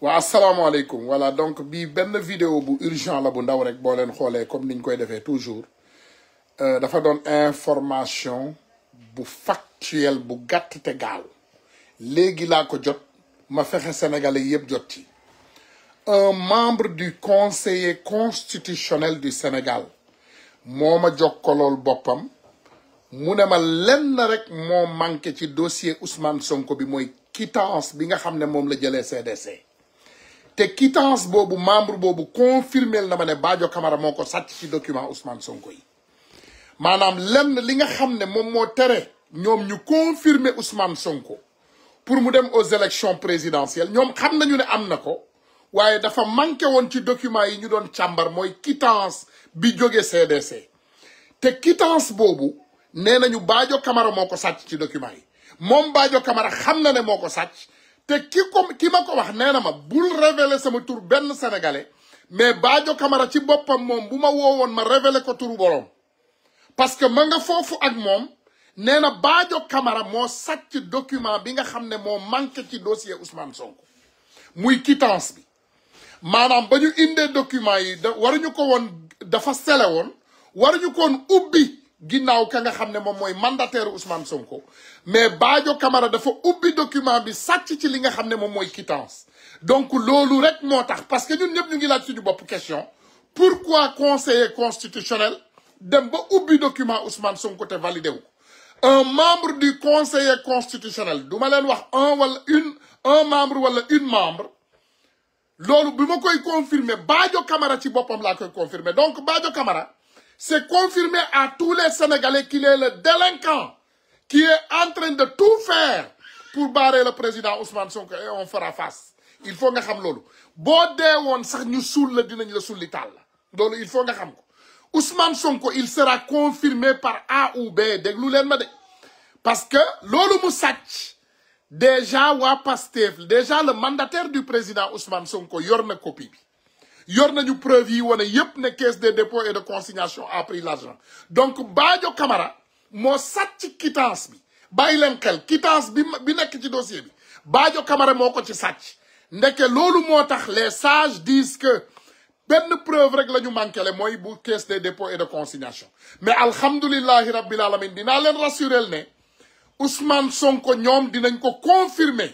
waa asalaamaaleykum voilà donc bii benn vidéo bu urgent la bu ndaw rek boo leen xoolee comme niñ koy defee toujours euh, dafa doon information bu factuel bu gàtt te gaaw léegi laa ko jot ma fexe sénégalais yëpp jot ci un membre du conseiller constitutionnel du Sénégal moo ma jokkalool boppam mu ne ma lenn rek moo manqué ci dossier Ousmane Sonko bi mooy quittance bi nga xam ne moom la jëlee CDC te quittance boobu membre boobu confirmel na ma ne Badio kamara moo ko sàcc ci document Ousmane Sonko yi maanaam lenn li nga xam ne moom moo tere ñoom ñu confirmer Ousmane Sonko pour mu dem aux élections présidentielles ñoom xam nañu ne am na ko waaye dafa manqué woon ci document yi ñu doon càmbar mooy quittance bi jóge CDC te quittance boobu nee nañu baajo Camara moo ko sàcc ci document yi moom Badio Camara xam na ne moo ko sàcc te ki ko ki ma ko wax nee na ma bul révéler sama tur benn sénégalais mais baajo Camara ci boppam moom bu ma woowoon ma révéler ko turu boroom parce que ma nga foofu ak moom nee na Badio Camara moo sàcc document bi nga xam ne moo manqué ci dossier Ousmane sonk muy quittance bi maanaam ba ñu indee document yi da waruñu ko woon dafa sele woon waruñu ko ubbi ginnaaw ka nga xam ne moom mooy mandataire Ousmane Sonko mais Badio Camara dafa ubbi document bi sàcc ci li nga xam ne moom mooy quittance donc loolu rek moo tax parce que ñun ñëpp ñu ngi laaj suñu bopp question pourquoi conseiller constitutionnel dem ba ubbi document Ousmane Sonko te validé wu un membre du conseiller constitutionnel du ma leen wax un wala une un membre wala une membre loolu bi ma koy confirmer baajo Camara ci boppam laa koy confirmer donc Badio Camara c'est confirmé à tous les Sénégalais qu'il est le délinquant qui est en train de tout faire pour barrer le président Ousmane Sonko et on fera face il faut nga xam loolu boo dee woon sax ñu suul la dinañ la sulli la loolu il faut nga xam ko Ousmane Sonko il sera confirmé par A ou B déglu leen ma de parce que loolu mu sàcc déjà waa Pastef déjà le mandataire du président usman Sonko yor na copie bi yor nañu preuve yi wane yépp ne caisse des dépôts et de consignation a pris l'argent donc baajo Camara moo sàcc quittance bi bàyyi leen xel quittance bi bi nekk ci dossier bi baajo Camara moo ko ci sàcc ndeke loolu moo tax les sages disent que benn preuve rek la ñu manqué le mooy bu caisse des dépôts et de consignation mais alhamdulillahi rabbil alamin dinaa leen rassurel ne Ousmane Sonko ñoom dinañ ko confirmer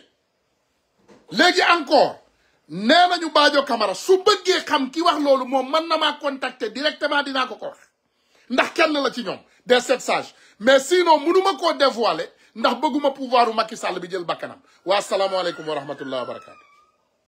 léegi encore nee nañu Badio Camara su bëggee xam ki wax loolu moom mën na maa contacter directement dinaa ko ko wax ndax kenn la ci ñoom des sept sages mais sinon mënuma koo dévoiler ndax bëgguma pouvoir u Macky Sall bi jël bakkanam waa salaamualeykum wa rahmatullah wa barakatu